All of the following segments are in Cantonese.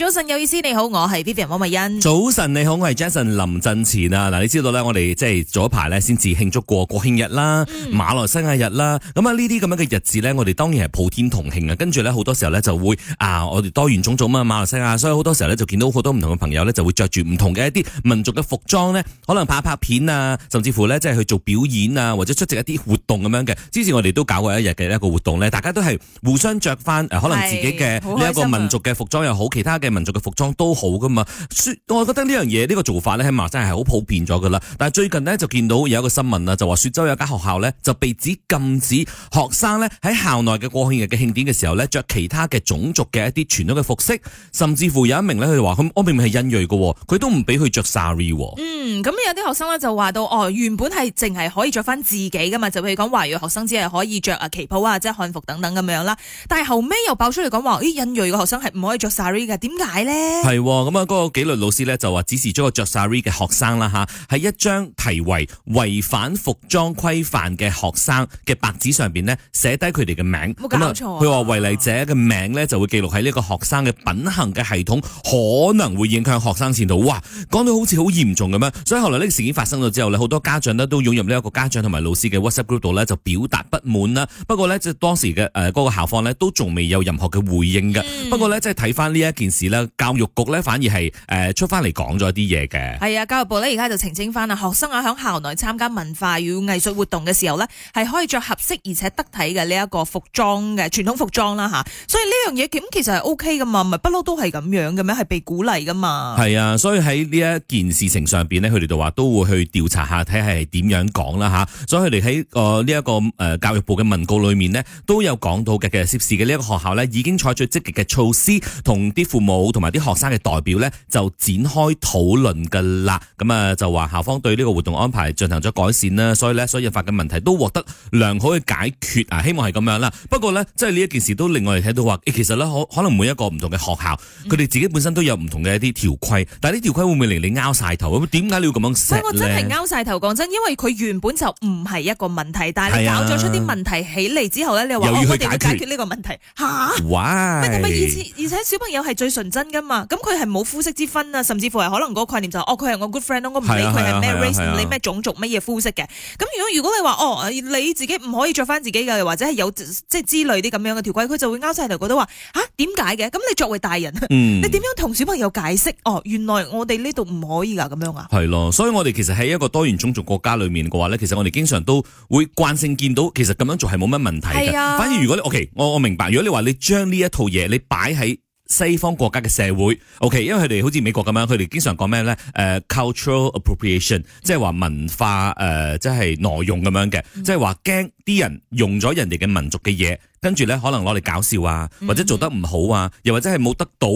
早晨有意思，你好，我係 Vivian 黃美欣。早晨你好，我係 Jason 林振前啊！嗱，你知道咧，我哋即係早排咧先至慶祝過國慶日啦，嗯，馬來西亞日啦。咁啊，呢啲咁樣嘅日子咧，我哋當然係普天同慶啊！跟住咧，好多時候咧就會啊，我哋多元種族嘛，馬來西亞，所以好多時候咧就見到好多唔同嘅朋友咧就會着住唔同嘅一啲民族嘅服裝咧，可能拍一拍片啊，甚至乎咧即係去做表演啊，或者出席一啲活動咁樣嘅。之前我哋都搞過一日嘅一個活動咧，大家都係互相着翻，誒，可能自己嘅呢一個民族嘅服裝又好，其他嘅。民族嘅服裝都好噶嘛，雪，我覺得呢樣嘢呢個做法咧喺馬真係好普遍咗噶啦。但係最近呢，就見到有一個新聞啊，就話雪州有間學校呢，就被指禁止學生呢喺校內嘅國慶日嘅慶典嘅時候呢，着其他嘅種族嘅一啲傳統嘅服飾，甚至乎有一名呢，佢話我明明係印裔嘅，佢都唔俾佢着 sari。嗯，咁有啲學生呢，就話到哦，原本係淨係可以着翻自己噶嘛，就譬如講華裔學生只係可以着啊旗袍啊，即係漢服等等咁樣啦。但係後尾又爆出嚟講話，誒印裔嘅學生係唔可以着 sari 嘅，點解係咁啊！嗰、哦嗰個紀律老師咧就話指示咗個着 sari 嘅學生啦吓，喺一張題為違反服裝規範嘅學生嘅白紙上邊呢，寫低佢哋嘅名。冇錯，佢話違例者嘅名呢，就會記錄喺呢個學生嘅品行嘅系統，可能會影響學生前途。哇，講到好似好嚴重咁樣，所以後來呢個事件發生咗之後呢，好多家長呢，都湧入呢一個家長同埋老師嘅 WhatsApp group 度呢，就表達不滿啦。不過呢，即當時嘅誒嗰個校方呢，都仲未有任何嘅回應嘅、嗯。不過呢，即係睇翻呢一件事。教育局咧，反而係誒出翻嚟，講咗啲嘢嘅。係啊，教育部咧而家就澄清翻啦，學生啊響校內參加文化與藝術活動嘅時候咧，係可以着合適而且得體嘅呢一個服裝嘅傳統服裝啦吓。所以呢樣嘢咁其實係 O K 噶嘛，咪不嬲都係咁樣嘅咩？係被鼓勵噶嘛？係啊，所以喺呢一件事情上邊咧，佢哋就話都會去調查下睇下係點樣講啦吓。所以佢哋喺誒呢一個誒教育部嘅文告裏面呢，都有講到嘅嘅涉事嘅呢一個學校呢，已經採取積極嘅措施同啲父母。我同埋啲學生嘅代表咧，就展開討論㗎啦。咁啊，就話校方對呢個活動安排進行咗改善啦。所以咧，所以發嘅問題都獲得良好嘅解決啊。希望係咁樣啦。不過咧，即係呢一件事都令我哋睇到話、欸，其實咧，可能每一個唔同嘅學校，佢哋自己本身都有唔同嘅一啲條規。但係呢條規會唔會令你拗晒頭？點解你要咁樣？我真係拗晒頭，講真，因為佢原本就唔係一個問題，但係搞咗出啲問題起嚟之後咧、啊，你話我哋解決呢個問題嚇？哇！喂，同埋而且小朋友係最純真噶嘛？咁佢係冇膚色之分啊，甚至乎係可能嗰個概念就是、哦，佢係我 good friend 我唔理佢係咩 race，唔理咩種族，乜嘢膚色嘅。咁如果如果你話哦，你自己唔可以着翻自己嘅，或者係有即係之類啲咁樣嘅條規，佢就會拗晒頭，覺得話吓點解嘅？咁你作為大人，嗯、你點樣同小朋友解釋？哦，原來我哋呢度唔可以噶咁樣啊？係咯，所以我哋其實喺一個多元種族國家裏面嘅話咧，其實我哋經常都會慣性見到，其實咁樣做係冇乜問題、啊、反而如果你 OK，我我明白，如果你話你將呢一套嘢你擺喺西方國家嘅社會，OK，因為佢哋好似美國咁樣，佢哋經常講咩咧？誒，Cultural Appropriation，即係話文化誒，即係內容咁樣嘅，即係話驚啲人用咗人哋嘅民族嘅嘢，跟住咧可能攞嚟搞笑啊，或者做得唔好啊，又或者係冇得到。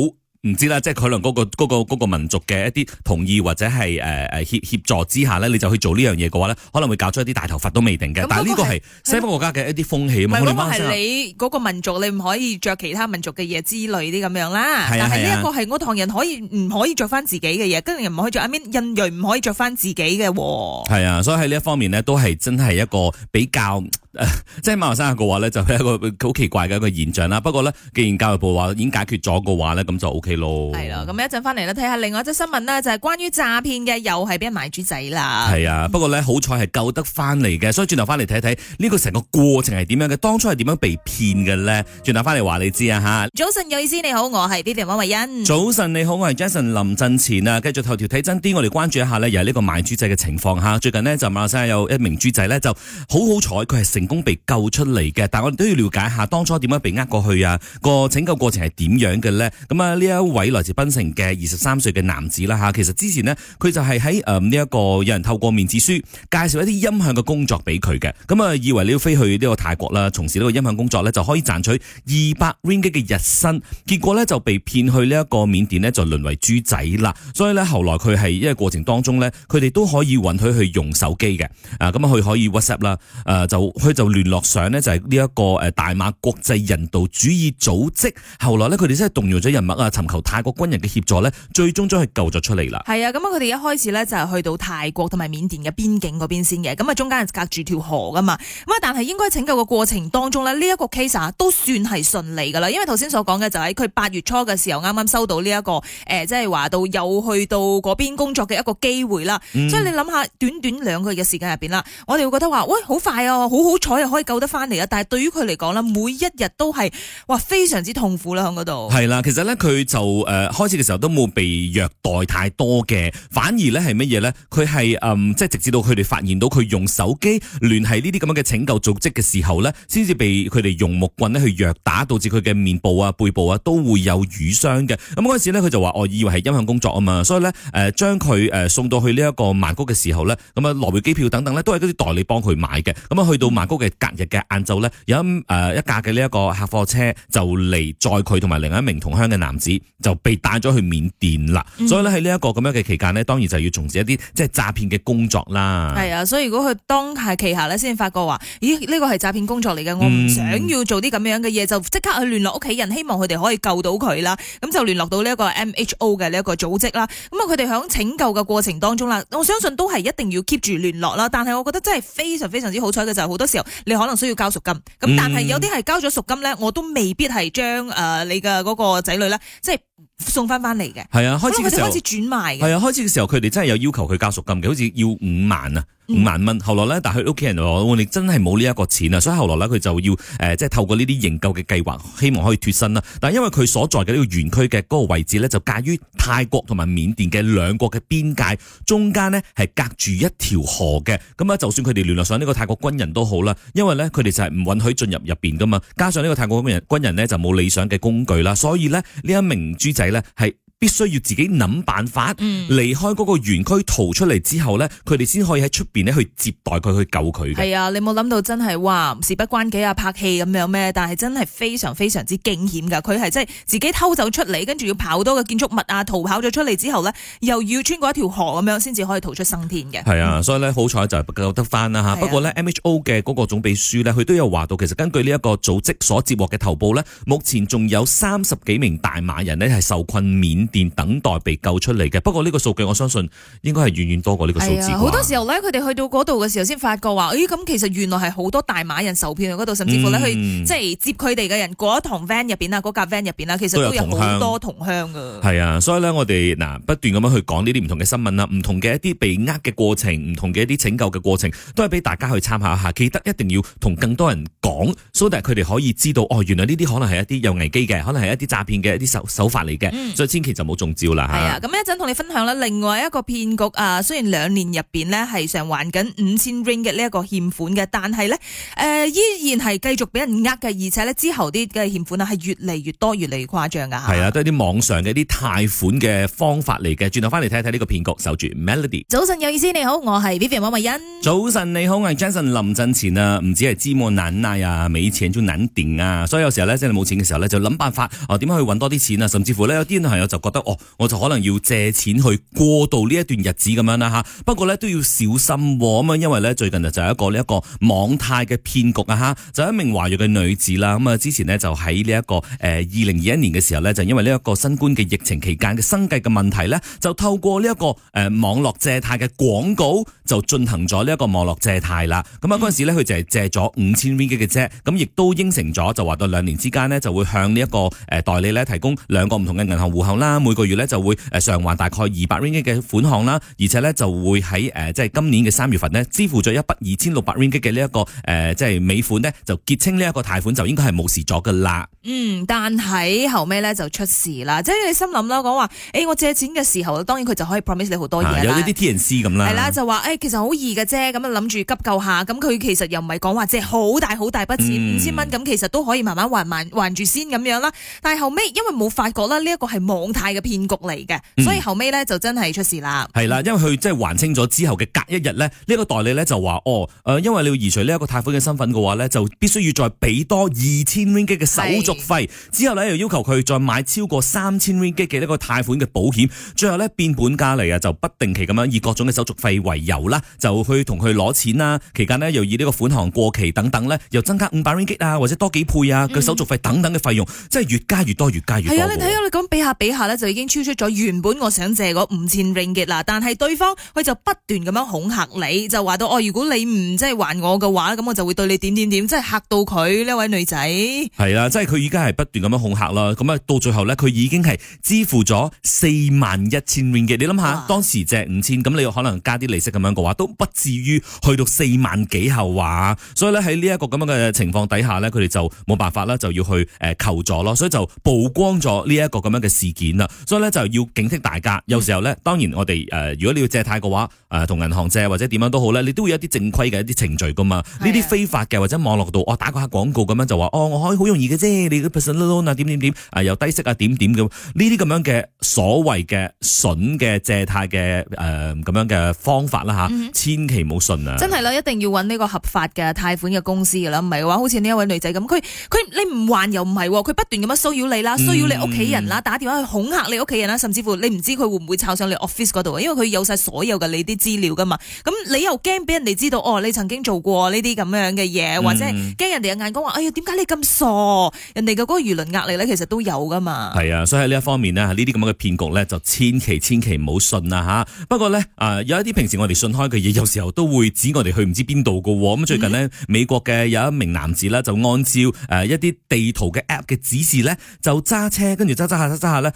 唔知啦，即係可能嗰個、嗰個、嗰個民族嘅一啲同意或者係誒誒協協助之下咧，你就去做呢樣嘢嘅話咧，可能會搞出一啲大頭發都未定嘅。但係呢個係西方國家嘅一啲風氣嘛，我係你嗰個民族，你唔可以着其他民族嘅嘢之類啲咁樣啦。但係呢個係我唐人可以唔可以着翻自己嘅嘢，跟住又唔可以着阿 min 印裔唔可以着翻自己嘅。係啊，所以喺呢一方面咧，都係真係一個比較。呃、即係馬來西亞嘅話呢，就係、是、一個好奇怪嘅一個現象啦。不過呢，既然教育部話已經解決咗嘅話呢，咁就 O、OK、K 咯。係啦，咁一陣翻嚟呢，睇下另外一則新聞啦，就係、是、關於詐騙嘅，又係俾人賣豬仔啦。係啊，不過呢，好彩係救得翻嚟嘅，所以轉頭翻嚟睇睇呢個成個過程係點樣嘅，當初係點樣被騙嘅呢？轉頭翻嚟話你知啊吓。早晨，有意思你好，我係 B B 汪惠恩。早晨你好，我係 Jason 林振前啊。繼續頭條睇真啲，我哋關注一下呢，又係呢個賣豬仔嘅情況吓。最近呢，就馬來西亞有一名豬仔呢，就好好彩，佢係成功被救出嚟嘅，但係我哋都要了解下當初點樣被呃過去啊？個拯救過程係點樣嘅咧？咁啊，呢一位來自檳城嘅二十三歲嘅男子啦吓，其實之前咧，佢就係喺誒呢一個有人透過面子書介紹一啲音響嘅工作俾佢嘅，咁啊以為你要飛去呢個泰國啦，從事呢個音響工作咧，就可以賺取二百 ringgit 嘅日薪，結果咧就被騙去呢一個緬甸咧，就淪為豬仔啦。所以咧，後來佢係因為過程當中咧，佢哋都可以允許去用手機嘅，啊咁啊佢可以 WhatsApp 啦、啊，誒就去。就聯絡上呢，就係呢一個誒大馬國際人道主義組織。後來呢，佢哋真係動用咗人脈啊，尋求泰國軍人嘅協助呢，最終都係救咗出嚟啦。係啊，咁啊，佢哋一開始呢，就係去到泰國同埋緬甸嘅邊境嗰邊先嘅。咁啊，中間隔住條河噶嘛。咁啊，但係應該拯救嘅過程當中呢，呢、這、一個 case 都算係順利噶啦。因為頭先所講嘅就喺佢八月初嘅時候，啱啱收到呢、這、一個誒，即係話到又去到嗰邊工作嘅一個機會啦、嗯。所以你諗下，短短兩個月嘅時間入邊啦，我哋會覺得話，喂，好快啊，好好彩又可以救得翻嚟啊！但係對於佢嚟講咧，每一日都係哇，非常之痛苦啦，響嗰度。係啦，其實呢，佢就誒，開始嘅時候都冇被虐待太多嘅，反而呢係乜嘢呢？佢係、呃、即係直至到佢哋發現到佢用手機聯繫呢啲咁嘅拯救組織嘅時候呢，先至被佢哋用木棍咧，去虐打，導致佢嘅面部啊、背部啊都會有瘀傷嘅。咁嗰陣時咧，佢就話我以為係音響工作啊嘛，所以呢，誒，將佢誒送到去呢一個曼谷嘅時候呢，咁啊，來回機票等等呢，都係嗰啲代理幫佢買嘅。咁啊去到曼谷。嘅隔日嘅晏晝咧，有誒一，、呃、一架嘅呢一個客貨車就嚟載佢同埋另一名同鄉嘅男子，就被帶咗去緬甸啦。嗯、所以咧喺呢一個咁樣嘅期間呢，當然就要重視一啲即係詐騙嘅工作啦。係啊，所以如果佢當下旗下咧，先發覺話，咦呢個係詐騙工作嚟嘅，我唔想要做啲咁樣嘅嘢，嗯、就即刻去聯絡屋企人，希望佢哋可以救到佢啦。咁就聯絡到呢一個 MHO 嘅呢一個組織啦。咁啊，佢哋響拯救嘅過程當中啦，我相信都係一定要 keep 住聯絡啦。但係我覺得真係非常非常之好彩嘅就係、是、好多時候。你可能需要交贖金，咁但係有啲係交咗贖金咧，我都未必係將誒你嘅嗰個仔女咧，即係。送翻翻嚟嘅，係啊，開始開始轉賣嘅，係啊，開始嘅時候佢哋真係有要求佢交贖金嘅，好似要五萬啊，五萬蚊、嗯。後來咧，但係佢屋企人話，我哋真係冇呢一個錢啊，所以後來咧佢就要誒、呃，即係透過呢啲營救嘅計劃，希望可以脫身啦。但係因為佢所在嘅呢個園區嘅嗰個位置咧，就介於泰國同埋緬甸嘅兩國嘅邊界中間呢係隔住一條河嘅。咁啊，就算佢哋聯絡上呢個泰國軍人都好啦，因為咧佢哋就係唔允許進入入邊噶嘛。加上呢個泰國軍人軍人咧就冇理想嘅工具啦，所以呢，呢一名。豬仔咧，係，必須要自己諗辦法離開嗰個園區逃出嚟，之後呢，佢哋先可以喺出邊咧去接待佢去救佢嘅。係啊，你冇諗到真係話事不關己啊拍戲咁樣咩？但係真係非常非常之驚險噶，佢係即係自己偷走出嚟，跟住要跑多個建築物啊，逃跑咗出嚟之後呢，又要穿過一條河咁樣先至可以逃出生天嘅。係啊，所以呢，嗯、好彩就係救得翻啦吓。不過呢 MHO 嘅嗰個總秘書呢，佢都有話到，其實根據呢一個組織所接獲嘅頭報呢，目前仲有三十幾名大馬人呢係受困緬電等待被救出嚟嘅，不過呢個數據我相信應該係遠遠多過呢個數字。好多時候咧，佢哋去到嗰度嘅時候，先發覺話：誒，咁其實原來係好多大馬人受騙去嗰度，甚至乎咧去即係接佢哋嘅人過一堂 van 入邊啊，嗰架 van 入邊啊，其實都有好多同鄉嘅。係啊，所以咧，我哋嗱不斷咁樣去講呢啲唔同嘅新聞啊，唔同嘅一啲被呃嘅過程，唔同嘅一啲拯救嘅過程，都係俾大家去參考下。記得一定要同更多人講，so that 佢哋可以知道哦，原來呢啲可能係一啲有危機嘅，可能係一啲詐騙嘅一啲手手法嚟嘅，所以千祈。就冇中招啦。係啊，咁一陣同你分享啦，另外一個騙局啊，雖然兩年入面呢係償還緊五千 ring 嘅呢一個欠款嘅，但係呢、呃，依然係繼續俾人呃嘅，而且呢，之後啲嘅欠款啊係越嚟越多，越嚟越誇張噶係啊，都係啲網上嘅啲貸款嘅方法嚟嘅。轉頭翻嚟睇一睇呢個騙局，守住 Melody。早晨有意思，你好，我係 Vivian 王慧欣。早晨你好，我係 Jason 林振前啊，唔止係知我奶奶啊，俾錢足銀定啊，所以有時候呢，真係冇錢嘅時候呢，就諗辦法點、啊、樣去揾多啲錢啊，甚至乎有啲朋友就覺得哦，我就可能要借錢去過渡呢一段日子咁樣啦嚇。不過咧都要小心喎，咁啊，因為咧最近就就係一個呢一個網貸嘅騙局啊嚇。就一名華裔嘅女子啦，咁啊之前呢，就喺呢一個誒二零二一年嘅時候咧，就因為呢一個新冠嘅疫情期間嘅生計嘅問題咧，就透過呢一個誒網絡借貸嘅廣告就進行咗呢一個網絡借貸啦。咁啊嗰陣時咧佢就係借咗五千蚊嘅啫，咁亦都應承咗就話到兩年之間呢，就會向呢一個誒代理咧提供兩個唔同嘅銀行戶口啦。每個月咧就會誒償還大概二百 ringgit 嘅款項啦，而且咧就會喺誒即係今年嘅三月份呢支付咗一筆二千六百 ringgit 嘅呢一個誒即係尾款呢，就結清呢一個貸款就應該係冇事咗噶啦。嗯，但係後尾咧就出事啦，即係你心諗啦，講話誒、欸、我借錢嘅時候，當然佢就可以 promise 你好多嘢，啊、有呢啲 T N C 咁啦，係啦就話誒、欸、其實好易嘅啫，咁啊諗住急救一下，咁佢其實又唔係講話借好大好大筆錢五千蚊，咁、嗯、其實都可以慢慢還還還住先咁樣啦。但係後尾因為冇發覺啦，呢、這、一個係網貸。嘅騙局嚟嘅，所以後尾咧、嗯、就真係出事啦。係、嗯、啦，因為佢即係還清咗之後嘅隔一日咧，呢、這個代理咧就話哦，誒，因為你要移除呢一個貸款嘅身份嘅話咧，就必須要再俾多二千 ringgit 嘅手續費。之後咧又要求佢再買超過三千 ringgit 嘅呢個貸款嘅保險。最後咧變本加厲啊，就不定期咁樣以各種嘅手續費為由啦，就去同佢攞錢啦。期間呢又以呢個款項過期等等咧，又增加五百 ringgit 啊或者多幾倍啊佢手續費等等嘅費用，嗯、即係越加越多越加越多。係啦，睇下你咁俾下俾下就已經超出咗原本我想借嗰五千 ringgit 啦，但係對方佢就不斷咁樣恐吓你，就話到哦，如果你唔即係還我嘅話，咁我就會對你點點點，即係吓到佢呢位女仔。係啦，即係佢而家係不斷咁樣恐吓啦，咁啊到最後呢，佢已經係支付咗四萬一千 ringgit。你諗下，當時借五千，咁你可能加啲利息咁樣嘅話，都不至於去到四萬幾後話。所以咧喺呢一個咁樣嘅情況底下呢，佢哋就冇辦法啦，就要去誒求助咯。所以就曝光咗呢一個咁樣嘅事件啦。所以咧就要警惕大家，有時候咧，當然我哋誒、呃，如果你要借貸嘅話，誒、呃、同銀行借或者點樣都好咧，你都會有一啲正規嘅一啲程序噶嘛。呢啲非法嘅或者網絡度，我、哦、打個一下廣告咁樣就話，哦，我可以好容易嘅啫，你嘅 p e rsonal loan 啊，點點點又低息啊，點點咁。呢啲咁樣嘅所謂嘅筍嘅借貸嘅誒咁樣嘅方法啦吓，千祈冇信啊！真係啦，一定要揾呢個合法嘅貸款嘅公司噶啦，唔係嘅話，好似呢一位女仔咁，佢佢你唔還又唔係喎，佢不斷咁樣騷擾你啦，騷擾你屋企人啦、嗯，打電話去恐吓你屋企人啦，甚至乎你唔知佢會唔會抄上你 office 嗰度，因為佢有晒所有嘅你啲資料噶嘛。咁你又驚俾人哋知道哦，你曾經做過呢啲咁樣嘅嘢，或者驚人哋嘅眼光話，哎呀，點解你咁傻？人哋嘅嗰個輿論壓力咧，其實都有噶嘛。係啊，所以喺呢一方面呢，呢啲咁樣嘅騙局咧，就千祈千祈唔好信啦吓。不過咧，啊有一啲平時我哋信開嘅嘢，有時候都會指我哋去唔知邊度噶。咁最近呢，美國嘅有一名男子啦，就按照誒一啲地圖嘅 app 嘅指示咧，就揸車跟住揸揸下揸揸下咧。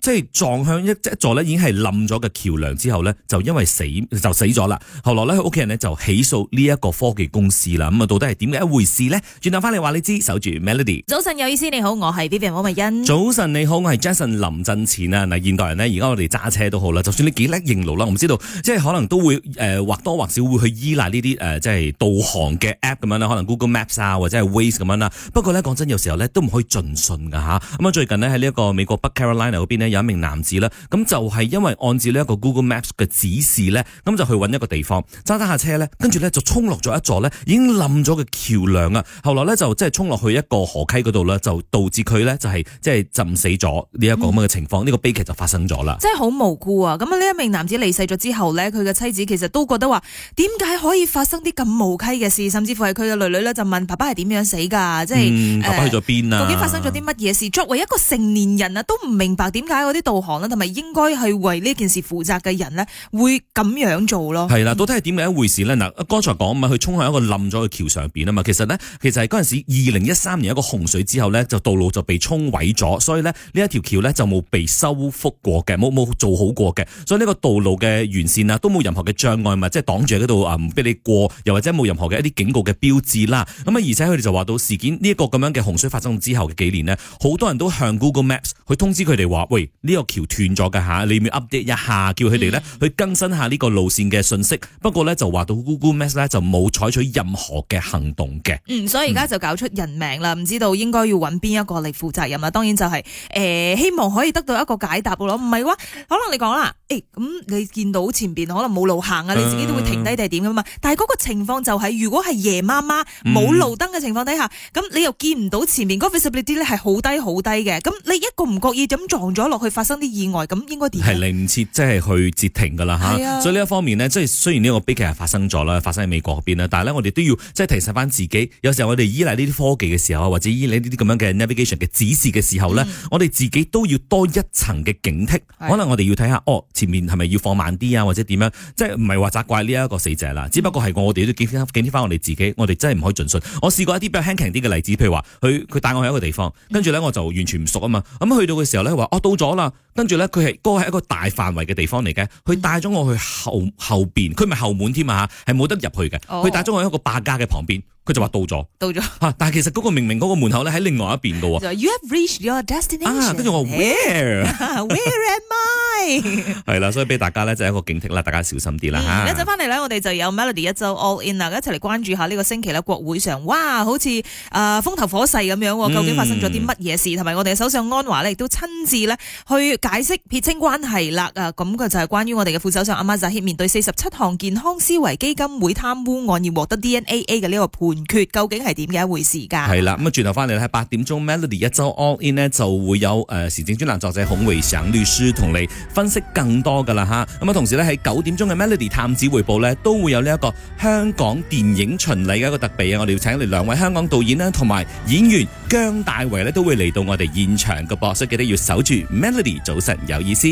即係撞向一一座咧已經係冧咗嘅橋梁之後咧，就因為死就死咗啦。後來咧，佢屋企人咧就起訴呢一個科技公司啦。咁啊，到底係點嘅一回事呢？轉頭翻嚟話你知，守住 Melody。早晨有意思，你好，我係 B B 王美欣。早晨你好，我係 Jason 林振前啊。嗱現代人咧，而家我哋揸車都好啦，就算你幾叻認路啦，我唔知道，即係可能都會誒、呃、或多或少會去依賴呢啲誒即係導航嘅 App 咁樣啦，可能 Google Maps 啊或者係 Waze 咁樣啦。不過咧講真，有時候咧都唔可以盡信噶吓。咁啊最近呢，喺呢一個美國北 Carolina。嗰邊呢有一名男子呢，咁就係、是、因為按照呢一個 Google Maps 嘅指示呢，咁就去揾一個地方，揸揸下車呢。跟住呢，就衝落咗一座呢已經冧咗嘅橋樑啊！後來呢，就即係衝落去一個河溪嗰度呢，就導致佢呢，就係即係浸死咗呢一個咁嘅情況，呢、嗯這個悲劇就發生咗啦。即係好無辜啊！咁呢一名男子離世咗之後呢，佢嘅妻子其實都覺得話，點解可以發生啲咁無稽嘅事？甚至乎係佢嘅女女呢，就問爸爸係點樣死噶？即係、嗯、爸爸去咗邊啊？究竟發生咗啲乜嘢事？作為一個成年人啊，都唔明。嗱，點解嗰啲導航咧，同埋應該係為呢件事負責嘅人咧，會咁樣做咯？係啦，到底係點樣一回事咧？嗱，剛才講啊嘛，佢衝向一個冧咗嘅橋上邊啊嘛，其實咧，其實係嗰陣時二零一三年一個洪水之後咧，就道路就被沖毀咗，所以咧，呢一條橋咧就冇被修復過嘅，冇冇做好過嘅，所以呢個道路嘅完善啊，都冇任何嘅障礙物，即係擋住喺度啊，唔俾你過，又或者冇任何嘅一啲警告嘅標誌啦。咁啊，而且佢哋就話到事件呢一個咁樣嘅洪水發生之後嘅幾年咧，好多人都向 Google Maps 去通知佢哋。話喂，呢、這個橋斷咗嘅吓，你要 update 一下，叫佢哋咧去更新下呢個路線嘅信息。不過咧就話到 Google Maps 咧就冇採取任何嘅行動嘅。嗯，所以而家就搞出人命啦，唔知道應該要揾邊一個嚟負責任啊。當然就係、是、誒、呃，希望可以得到一個解答咯。唔係話可能你講啦，誒、欸、咁你見到前邊可能冇路行啊，你自己都會停低地點噶嘛。但係個情況就係、是，如果係夜媽媽冇路燈嘅情況底下，咁、嗯、你又見唔到前面嗰、那個、visibility 咧係好低好低嘅。咁你一個唔覺意咁撞咗落去，發去、啊發，發生啲意外，咁應該點？係嚟唔切，即係去截停噶啦嚇。所以呢一方面呢，即係雖然呢個悲劇係發生咗啦，發生喺美國嗰邊啦，但係呢我哋都要即係提醒翻自己。有時候我哋依賴呢啲科技嘅時候或者依賴呢啲咁樣嘅 navigation 嘅指示嘅時候呢、嗯，我哋自己都要多一層嘅警惕。可能我哋要睇下，哦，前面係咪要放慢啲啊，或者點樣？即係唔係話責怪呢一個死者啦，只不過係我哋都警惕翻，我哋自己。我哋真係唔可以盡信。我試過一啲比較輕巧啲嘅例子，譬如話，佢佢帶我去一個地方，跟住呢我就完全唔熟啊嘛。咁去到嘅時候呢，我、哦、到咗啦，跟住咧佢係，嗰個係一個大範圍嘅地方嚟嘅，佢帶咗我去後後邊，佢唔係後門添啊，係冇得入去嘅，佢帶咗我去一個百家嘅旁邊。佢就話到咗，到咗、啊、但係其實嗰個明明嗰個門口咧喺另外一邊嘅喎。You have reached your destination 跟、啊、住我，Where？Where Where am I？係啦，所以俾大家咧就係一個警惕啦，大家小心啲啦。一陣翻嚟咧，我哋就有 Melody 一周 All In 啊，一齊嚟關注下呢個星期咧國會上，哇，好似誒、呃、風頭火勢咁樣喎。究竟發生咗啲乜嘢事？同、嗯、埋我哋嘅首相安華咧亦都親自咧去解釋撇清關係啦啊！咁佢就係關於我哋嘅副首相阿馬扎希面對四十七項健康思維基金會貪污、污案而獲得 DNAA 嘅呢個判斷。唔究竟係點嘅一回事㗎？係啦，咁啊轉頭翻嚟喺八點鐘 Melody 一周 All In 呢，就會有誒、呃、時政專欄作者孔維祥律師同你分析更多㗎啦吓，咁啊同時咧喺九點鐘嘅 Melody 探子匯報呢，都會有呢一個香港電影巡禮嘅一個特備啊！我哋要請嚟兩位香港導演啦，同埋演員姜大為呢，都會嚟到我哋現場嘅播室，所以記得要守住 Melody，早晨有意思。